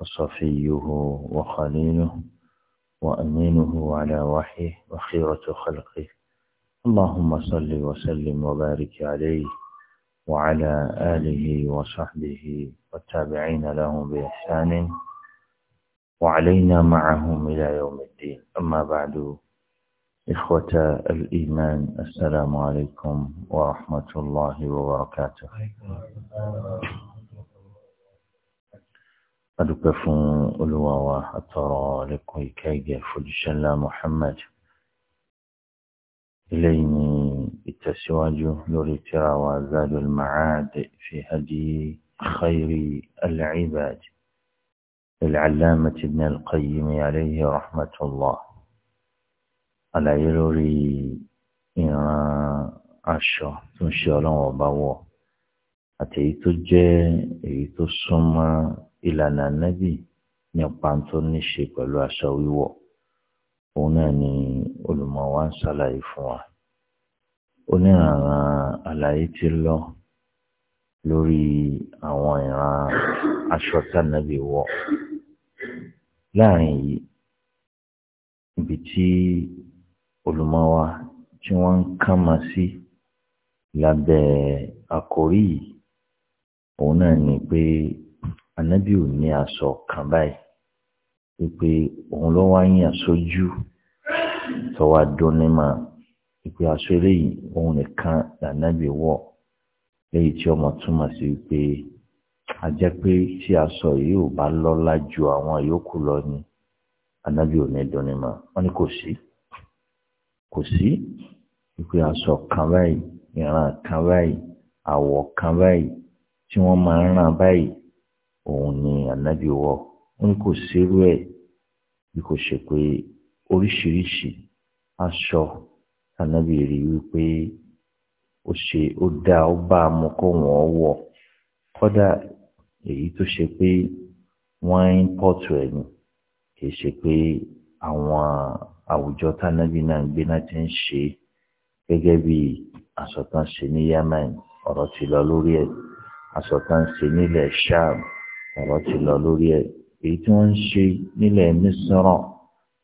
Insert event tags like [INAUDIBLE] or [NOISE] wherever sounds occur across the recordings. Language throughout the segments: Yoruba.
وصفيه وخليله وأمينه على وحيه وخيرة خلقه اللهم صل وسلم وبارك عليه وعلى آله وصحبه والتابعين لهم بإحسان وعلينا معهم إلى يوم الدين أما بعد إخوة الإيمان السلام عليكم ورحمة الله وبركاته adúpẹ́ fún olúwa wa àtọrọ lẹ́kùn ìkẹ́ ìgẹ̀ fojúṣẹ́lá Muhammad eléyìí ni ìtẹ̀síwájú lórí tírà wa Zadul Ma'ad fi hadi khayri al-ibad al-allamah ibn al-qayyim alayhi rahmatullah àlàyé lórí ìran aṣọ tó ń ṣe ọlọ́run ọba wọ̀ àti èyí tó jẹ́ èyí tó súnmọ́ ìlànà ànábì nípa tó ní ṣe pẹ̀lú aṣọ wíwọ̀ òun náà ni olùmọ̀ wa ń ṣàlàyé fún wa oníranran àlàyé ti lọ lórí àwọn ìran aṣọ tánàbí wọ̀ láàrin yìí ibi tí olùmọ̀ wa tí wọ́n ń kàn máa sí lábẹ́ àkórí yìí òun náà ni pé ànábì ò ní aṣọ kan báyìí wípé òun ló wá yín aṣojú tọwọ́ adónímọ̀ ìpè aṣọ eléyìí òun nìkan lànàbì wọ̀ léyìí tí ọmọ túmọ̀ sí wípé a jẹ́ pé tí aṣọ yìí ò bá lọ́lá ju àwọn yòókù lọ ni ànábì ò ní dónímọ̀ wọ́n ní kò sí kò sí ìpè aṣọ kan báyìí ìran kan báyìí àwọ̀ kan báyìí. tí wọ́n máa ń ràn báyìí òun ni ànábì wọ̀ ń kò sírú ẹ̀ bí kò ṣe pé oríṣiríṣi aṣọ ànábì rí wípé ó ṣe ó dá ó bá a mú kó wọ́n kódà èyí tó ṣe pé wọ́n ń pọ̀tù ẹ̀ ni kì í àwọn àwùjọ náà ń gbé náà ti Yemen ọ̀rọ̀ ti lọ lórí aṣọ tá ń ṣe nílẹ̀ sham ọ̀rọ̀ ti lọ lórí ẹ̀ èyí tí wọ́n ń ṣe nílẹ̀ mísíràn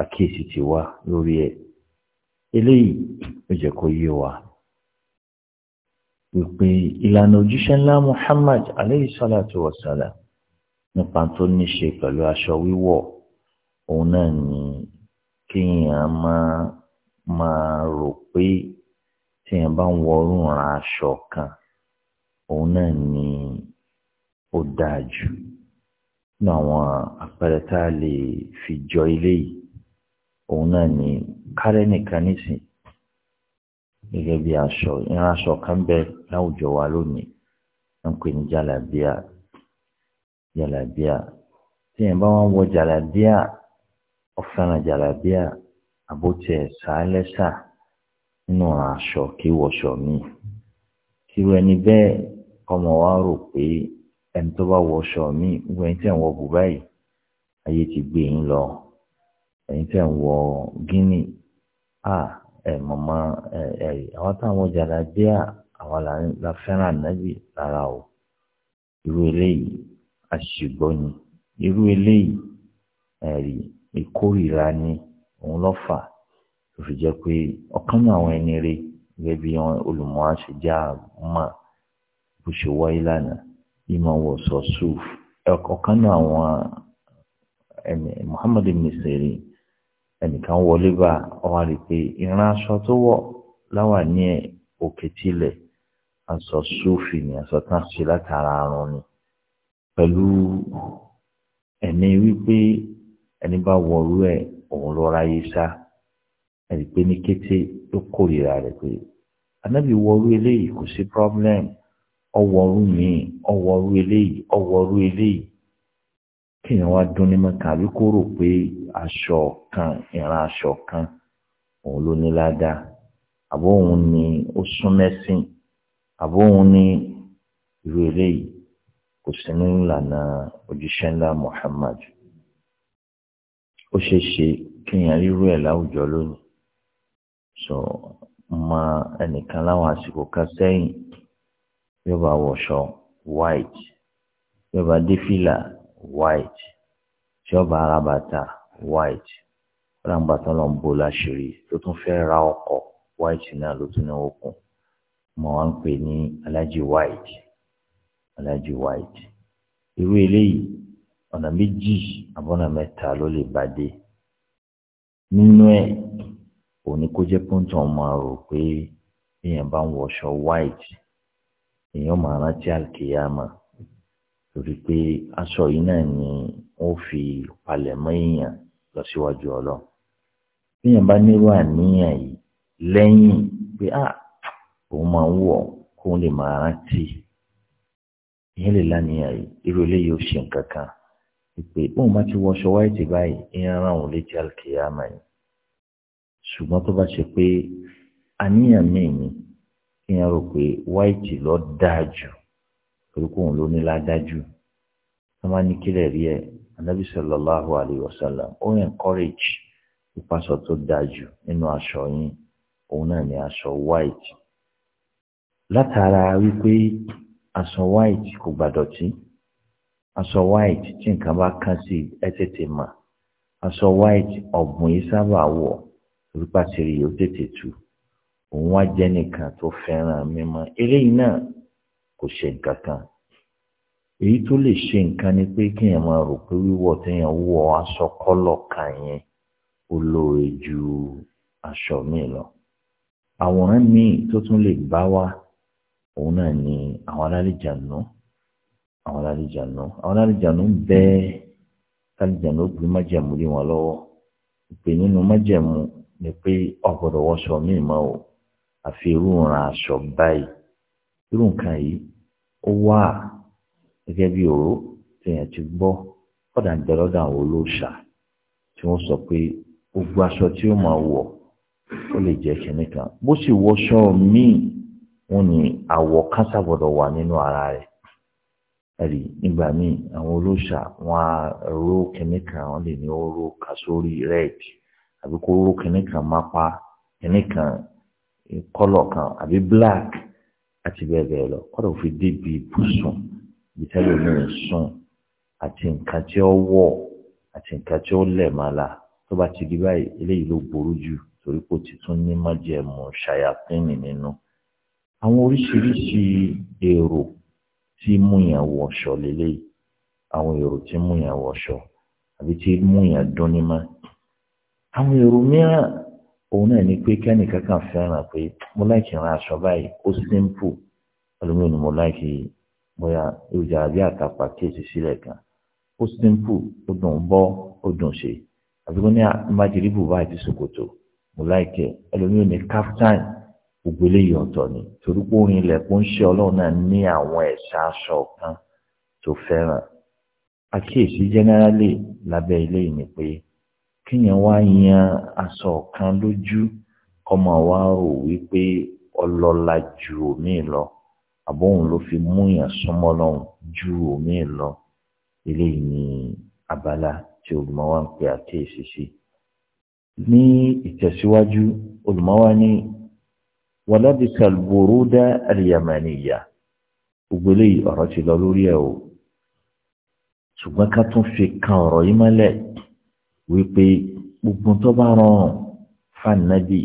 àkíyèsí ti wá lórí ẹ̀ eléyìí ló jẹ́ kó yé wa ìpè ìlànà òjíṣẹ́ ńlá Muhammad aleyhi salatu wa salam nípa tó ní ṣe pẹ̀lú aṣọ wíwọ̀ òun náà ni kéèyàn máa máa rò pé téèyàn bá ń wọrùn ra aṣọ kan òun náà ni ó dáa jù nínú àwọn àpẹẹrẹ tá a lè fi jọ ilé yìí òun náà ni kárẹ́ nìkan nísìn gẹ́gẹ́ bí aṣọ ìran aṣọ kan bẹ láwùjọ wa lónìí ń pè ní jàlábíà jàlábíà tí yẹn wọn wọ ọ̀fẹ́ràn kọ́mọ wa rò pé ẹni tó bá wọṣọ mi gbogbo ẹni tí ẹ̀ ń wọ bùbá yìí ayé ti gbé yín lọ ẹni tí ẹ̀ ń wọ gíní à ẹ̀ mọ̀mọ́ ẹ̀ ẹ̀ àwọn táwọn ọjà la jẹ́ à àwọn la fẹ́ràn nábì lára o irú eléyìí àṣìgbọ́ ni irú eléyìí ẹ̀rí ìkórìíra ni òun lọ́ fà tó fi jẹ́ pé ọ̀kan náà àwọn ẹni rẹ̀ gẹ́gẹ́ bí olùmọ̀ àṣejà mọ̀ bó ṣe wáyé lánàá ìmọ̀ wọ̀ sọ sùf ọ̀kan náà àwọn ẹ̀mí muhammadu misiri ẹnìkan wọlé bá ọwọ́ rí pé ìran aṣọ tó wọ̀ láwà ní òkè tilẹ̀ aṣọ sùfì ni aṣọ tán ṣe látara àrùn ni pẹ̀lú ẹ̀mí wípé ẹni bá wọ̀rú ẹ̀ òun lọ́ra yé sá ẹ̀rí pé ní kété ló kórìíra rẹ̀ pé anábì wọ̀rú eléyìí kò sí pírọ́blẹ́mù. ọwọ́rú míì ọwọ́rú eléyìí ọwọ́rú eléyìí kéèyàn wá dún ní mẹ́ka àbí kó rò pé aṣọ kan ìran aṣọ kan òun ló ní ládàá àbó òun ni ó sún mẹ́sìn àbó òun ni irú eléyìí kò sí ní ìlànà òjíṣẹ́ ńlá Muhammad ó ṣe kéèyàn rírú ẹ̀ láwùjọ lónìí sọ ma ẹnìkan láwọn àsìkò kan sẹ́yìn. yóò bá wọṣọ white yóò bá dé fìlà white yóò bá ara bàtà white ọlọ́run bàtà ló ń bò láṣìírí tó tún fẹ́ ra ọkọ̀ white náà ló tún náà okùn mọ̀ wá ń pè ní alájí white alájí white irú eléyìí ọ̀nà méjì àbọ̀nà mẹ́ta ló lè bá dé nínú ẹ̀ òní kó jẹ́ pọ́ńtò ọmọ rò pé èèyàn bá ń wọṣọ white èèyàn máa rántí àlùkìyàmà torí pé aṣọ yìí náà ni ó fi palẹ̀mọ́ èèyàn lọ síwájú ọlọ́run bí èèyàn bá nírú àníyàn yìí lẹ́yìn pé à òun máa ń wọ̀ kóun lè máa rántí ìyẹn lè lánìyàn yìí irú eléyìí ó ṣe nǹkan kan pé bóun bá ti wọṣọ wáìtì báyìí ìyẹn ara òun lè jẹ́ àlùkìyàmà yìí ṣùgbọ́n tó bá ṣe pé àníyàn míì ni kíyàn rò pé white lọ dáa jù torí kóun ló ní ládájú wọ́n máa ní kílẹ̀ rí ẹ̀ anabi sallallahu alayhi wa sallam ó encourage ìpasọ tó dáa jù nínú aṣọ yín òun náà ní aṣọ white látara wípé aṣọ white kò gbàdọ̀tí aṣọ white tí nǹkan bá kán sí ẹ tètè mà aṣọ white ọ̀gbun yìí sábà wọ̀ torí pàṣẹ rí i ó tètè tù. òun jẹ́ nìkan tó fẹ́ràn mímọ́ eléyìí náà kò ṣe nǹkan kan èyí tó lè ṣe nǹkan ni pé kéèyàn máa rò pé wọ aṣọ kọlọ kan yẹn ó lóore ju aṣọ míì lọ àwòrán míì tó tún lè bá wa òun náà ni àwọn alálejànú àwọn alálejànú àwọn àfi irú ìran aṣọ báyìí irú nǹkan yìí ó wà gẹ́gẹ́ bí òró tèèyàn ti gbọ́ kọ́dà ń jẹ́lọ́dà àwọn olóòṣà tí wọ́n sọ pé gbogbo aṣọ tí ó máa wọ̀ ó lè jẹ́ kínní kan bó sì wọṣọ míì wọ́n ní àwọ̀ kánsá gbọ́dọ̀ wà nínú ara rẹ̀ ẹ̀rí nígbà míì àwọn olóòṣà wọn á ró kínní kan wọ́n lè ní ó ró kà sórí àbí kó ró kínní kan mápá kínní kan kọ́lọ̀ kan àbí black àti bẹ́ẹ̀ bẹ́ẹ̀ lọ kọ́lọ̀ fi débi ibùsùn ìtẹ́lẹ̀ mi ń sùn àti nǹkan tí ó wọ̀ àti nǹkan tí ó la tó bá ti di báyìí eléyìí ló burú jù torí kò ti tún ní májẹ̀mú ṣàyàpínì nínú àwọn oríṣiríṣi èrò tí múyàn wọṣọ lélẹyìí àwọn èrò tí múyàn wọṣọ àbí tí múyàn dún ní má àwọn èrò mìíràn òun náà ni pé kẹ́nìkan kan fẹ́ràn pé mo láìkì ran aṣọ báyìí ó simple ẹlòmíràn ni mo bóyá àbí àtàpà kéèsì sílẹ̀ kan ó simple ó dùn bọ́ ó dùn ṣe àdúgbò ní májèlébù báyìí ti ṣòkòtò mo ẹlòmíràn ni ni torí pé orin ṣe ọlọ́run náà kan tó fẹ́ràn àkíyèsí generally lábẹ́ ni pé kíyàn wá yan aṣọ kan lójú kọ́mọ wa rò wípé ọlọ́lá ju omi lọ àbóhùn ló fi mú yàn súnmọ́ lọ́hùn ju omi lọ eléyìí ni abala tí olùmọ̀ wa ń pe àkíyèsí sí. ní ìtẹ̀síwájú olùmọ̀ ní wàlábìsà al-buruda gbogbo eléyìí ọ̀rọ̀ ti lọ lórí ẹ̀ o ṣùgbọ́n ká tún fi kan ọ̀rọ̀ yìí mọ́lẹ̀ wípé gbogbo tó bá rọrùn fànàbì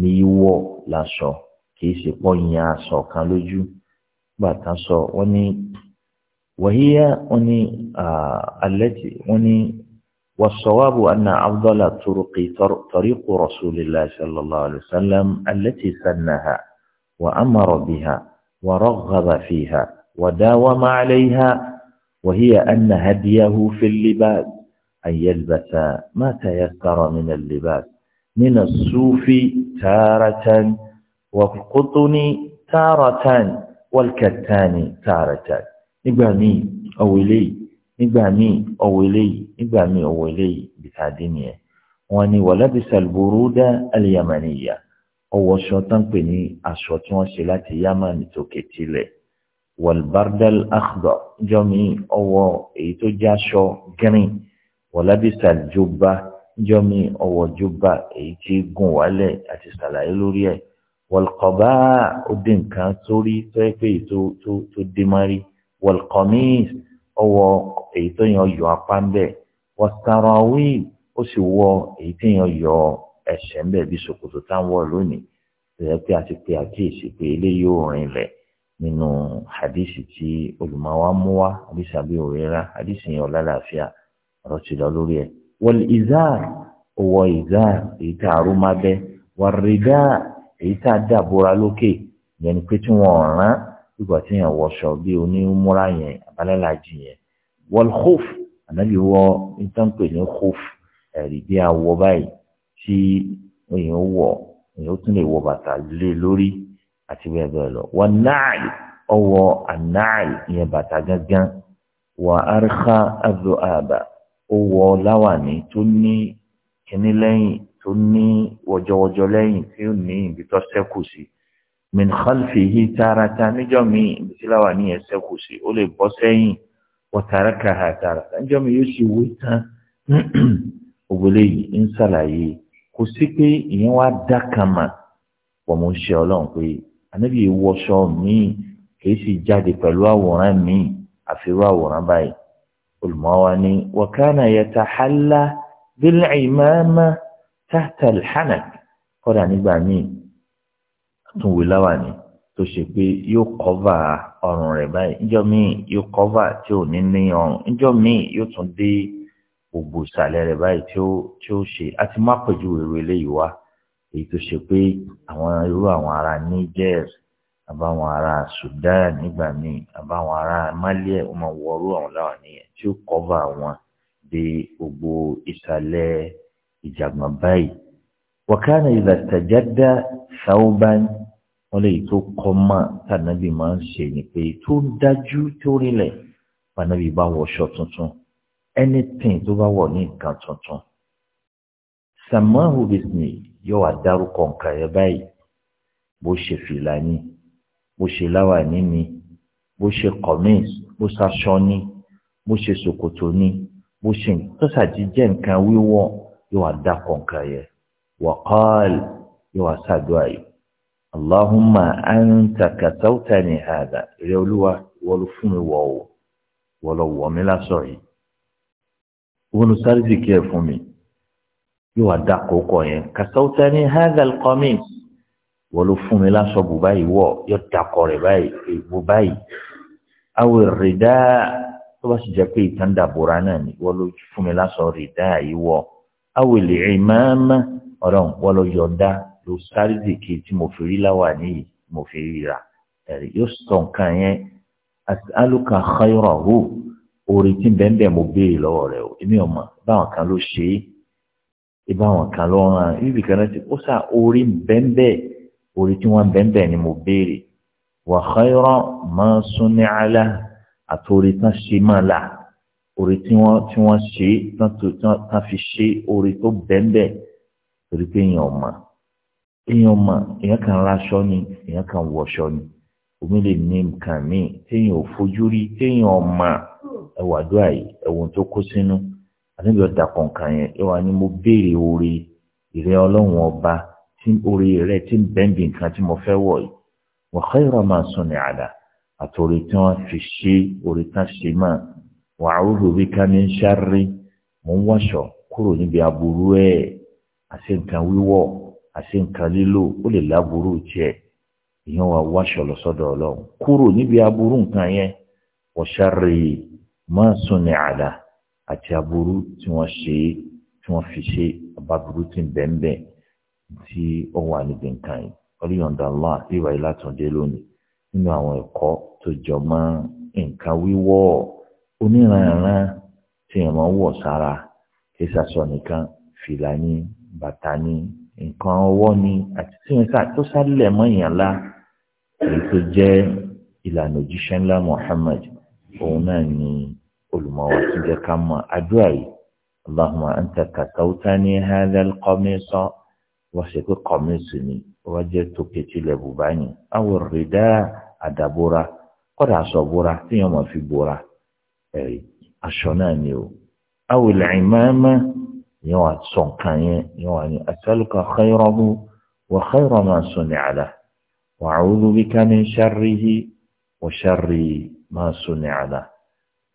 ní ìwọ lásọ kì í ṣe pọ ìyẹn aṣọ kan lójú bàtà sọ wọn ni wàhíyá wọn ni alẹ́tì wọn ni والصواب أن أفضل الطرق طريق رسول الله صلى الله عليه وسلم التي سنها وأمر بها ورغب فيها وداوم عليها وهي أن هديه في اللباس أن يلبس ما تيسر من اللباس من الصوف تارة والقطن تارة والكتان تارة nígbà míì ọwọ́ eléyìí nígbà míì ọwọ́ eléyìí nígbà míì ọwọ́ eléyìí bìtàdé nìyẹn wọ́n ní walabisa al-buruda al-yamaniya ọwọ́ aṣọ tán pè ní aṣọ tí wọ́n ṣe láti yamani tó kẹtì lẹ̀ wal-barda al-akhdar jọmí ọwọ́ èyí tó jẹ́ aṣọ green wọ̀lábìsà jùbá jọ́mi ọwọ́ jùbá èyí tí gùn wálẹ̀ àti sàlàyé lórí ẹ̀ wọ̀lkọ̀bá òde nǹkan sórí tó yẹ pé tó tó dé mọ́rí wọ̀lkọ̀mís ọwọ́ èyí tó yàn yọ apá ń bẹ̀ wọ̀sàràwí ó sì wọ èyí tó yàn yọ ẹsẹ̀ ń bẹ̀ bí ṣòkòtò táwọn lónìí tó yẹ pé a ti pe àkíyèsí pé eléyìí ò rìn rẹ̀ nínú hadisi tí olùmọ̀wá mú wá hadisi àbí òrera hadisi yẹn ọ̀làlàáfíà ọ̀rọ̀ ti lọ lórí ẹ̀ wọ́n ìzáàr owó ìzáàr èyí tá a rú má bẹ́ wọ́n rìdá èyí tá a dàbora lókè yẹn ni pé tí wọ́n rán ìgbà tí yẹn wọṣọ bí onímúra yẹn abalẹ́làjì yẹn wọ́n hóf ànábì wọ ìtànpè ní hóf ẹ̀rí bí awọ báyìí tí èèyàn wọ̀ èèyàn tún lè wọ bàtà lé lórí àti bẹ́ẹ̀ bẹ́ẹ̀ lọ wọ́n náàlì ọwọ́ ànáàlì ìyẹn bàtà gángan wọ́n àríkà àdó àbá ó wọ láwàní tó ní kíní lẹ́yìn tó ní wọjọwọjọ lẹ́yìn tí ó ní ibi tó ṣẹ́kù sí min khalfihi tààràtà níjọ́ mi ibi tí láwàní yẹn ṣẹ́kù sí ó lè bọ́ sẹ́yìn wọ́n tààràkà ha tààràtà níjọ́ mi yóò sì wé tán ògbélé [CLEARS THROAT] yìí ń ṣàlàyé kò sí pé ìyẹn wá dá kan wọ́n mú ṣe ọlọ́run pé ànábì wọṣọ míì kì í sì jáde pẹ̀lú àwòrán míì àfiwé àwòrán báyìí olùmọ́wání wọ̀kánà yẹta hálà bílẹ̀ ìmáàmá tààtà hànà kọ́dà nígbà míì àtúnwò láwàní tó ṣe pé yóò kọ́và ọrùn rẹ̀ báyìí níjọ́ míì yóò kọ́và tí ò ní ní ọrùn níjọ́ míì yóò tún dé gbogbo ìsàlẹ̀ rẹ̀ báyìí tí ó ṣe àti má pẹ̀jú èrò eléyìí wá èyí tó ṣe pé àwọn irú àwọn ará níjẹ́rì àbáwọn ará Sudan nígbà míì àbáwọn ará Mali ẹ̀ wọ́n máa wọrú àwọn láwọn nìyẹn tí ó kọ́va wọn dé gbogbo ìsàlẹ̀ ìjàgbọ̀n báyìí. wọ́kánà ìlà tàjádá sáúbán wọ́n lè tó kọ́ mọ́ tànàbí máa ń ṣe ni pé tó dájú tó rinlẹ̀ tànàbí bá wọṣọ tuntun anything tó bá wọ̀ ní nǹkan tuntun. samahu bisni yóò wá dárúkọ nǹkan yẹn báyìí bó ṣe fìlà ní bó ṣe láwàní ni bó ṣe kọ̀míìs bó ṣaṣọ ni bó ṣe ṣòkòtò ni bó ṣe tó ṣàjíjẹ́ nǹkan wíwọ̀ yóò wá dá kọ̀ǹkà yẹ wàkọ́ọ̀l yóò wá ṣàdúrà yìí allahumma anta kasawtani hada rẹ olúwa wọ́n ló fún mi wọ̀ ọ́ wọ́n lọ wọ̀ mí lásọ̀ yìí wọ́n lọ sáré sì kí ẹ fún mi yóò wá dá kọ̀ọ̀kọ̀ yẹn kasawtani hada al-qamis wọ́n ló fún mi láṣọ bù báyìí wọ̀ yọ dakọ̀ rẹ̀ báyìí èèbù báyìí àwọn rìdá tó bá sì jẹ́ pé ìtàn dàbòrà náà ni wọ́n ló fún mi láṣọ rìdá yìí wọ̀ àwọn lè rìn máàmá ọ̀rọ̀n wọ́n ló yọ̀ǹda ló sáré dèké tí mo fi rí láwà níyì mo fi rí ra ẹ̀rí yóò sọ nǹkan yẹn alùkà khayrahu orí tí bẹ́ẹ̀ mo béèrè lọ́wọ́ rẹ̀ o èmi ọ̀mọ̀ báwọn kan ló ṣe é ìbáwọn kan ló ràn án ibì kan náà ti ó sà orí bẹ́ẹ̀ orí tí wọ́n bẹ́ẹ̀ ni mo béèrè wa khayra ma sunni'a lah àti orí tán ṣe máa là orí tí wọ́n tí wọ́n ṣe tán tó tán fi ṣe orí tó bẹ́ẹ̀ torí pé èèyàn mọ̀ èèyàn mọ̀ èèyàn kan raṣọ ni èèyàn kan wọṣọ ni omi lè ní nǹkan míì téèyàn ò fojú rí téèyàn ò mọ̀ ẹwà dúà yìí ẹwùn tó kó sínú àti ìbí ọ̀dà kọ̀ọ̀kan yẹn ẹwà ni mo béèrè orí ìrẹ́ ọlọ́run ọba tí orí rẹ̀ ti ń bẹ́ǹbì nǹkan tí mo fẹ́ wọ̀ yìí wa khayra ma suni'a la àtòrí tí wọ́n fi ṣe orí kan ṣe máa wa a'udhu bika min sharri mo ń wọ̀ṣọ̀ kúrò níbi aburú ẹ̀ àti nǹkan wíwọ̀ àti nǹkan lílò ó lè láburú tiẹ̀ ìyẹn wà wáṣọ lọ́sọ́dọ̀ ọlọ́run kúrò níbi aburú nǹkan yẹn wa sharri ma suni'a la àti aburú tí wọ́n ṣe tí wọ́n fi ṣe aburú tí bẹ́ẹ̀ bẹ́ẹ̀ tí ó wà níbi nǹkan yìí oríyànda Allah àti ìwà ìlàtúndé lónìí nínú àwọn ẹ̀kọ́ tó jọ mọ́ nǹkan wíwọ́ oníranran tí èèyàn wọ̀ sára ìsàsọ nìkan fìlà ní bàtà ní nǹkan ọwọ́ ní àti tí wọn tó sálẹ̀ mọ́ èèyàn lá èyí tó jẹ́ ìlànà òjíṣẹ́ ńlá Muhammad òun náà ni olùmọ̀wá tó jẹ́ ká mọ̀ àdúrà yìí Allahumma anta katawtani hadha al-qamisa wọ́n ṣe pé kọ́míìsì ni wọ́n jẹ́ tókè tilẹ̀ bùbá yìí àwọn rìdá àdàbòra kọ́dà aṣọ bòra tíyẹn máa fi bòra ẹ̀rí aṣọ náà ni o àwọn ìlànà ìmáàmá yẹn wà sọ nǹkan yẹn yẹn wà ní asálùkà xeyìrọ́mù wà xeyìrọ́mù asọ̀nì àlà wà áwùlù bíkà ní sàrìhì wà sàrì máa sọ̀nì àlà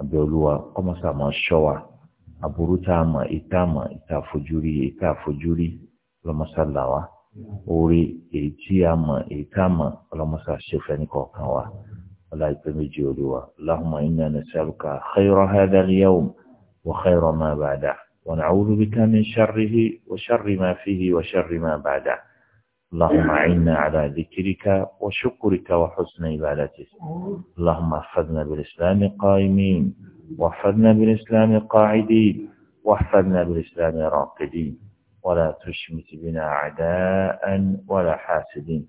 abẹ́olúwa kọ́mọ́sà máa ṣọ́ wa aburú tá a mọ̀ lọmọsàlá wa ọlá ìpè méjì olúwa Allahumma inna nas'aluka khayra hadha al-yawm wa khayra ma ba'dahu wa na'udhu bika min sharrihi wọ sàrì ma fihi wọ sàrì ma bàa dà ba'dahu. اللهم أعنا على ذكرك وشكرك وحسن عبادتك اللهم احفظنا بالإسلام قائمين واحفظنا بالإسلام قاعدين واحفظنا بالإسلام راقدين ولا تشمت بنا عداء ولا حاسدين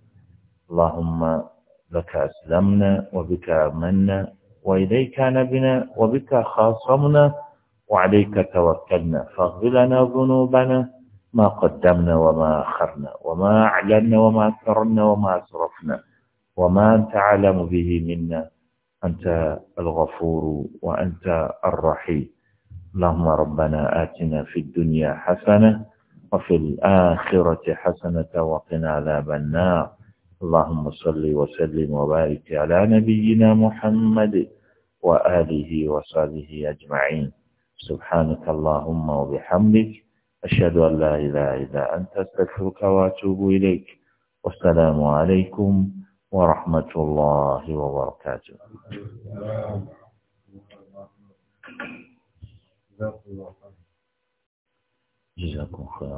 اللهم لك أسلمنا وبك آمنا وإليك نبنا وبك خاصمنا وعليك توكلنا فاغفر لنا ذنوبنا ما قدمنا وما أخرنا وما أعلنا وما أسررنا وما أسرفنا وما أنت أعلم به منا أنت الغفور وأنت الرحيم اللهم ربنا آتنا في الدنيا حسنة وفي الآخرة حسنة وقنا عذاب النار اللهم صل وسلم وبارك على نبينا محمد وآله وصحبه أجمعين سبحانك اللهم وبحمدك أشهد أن لا إله إلا أنت أستغفرك وأتوب إليك والسلام عليكم ورحمة الله وبركاته جزاكم خير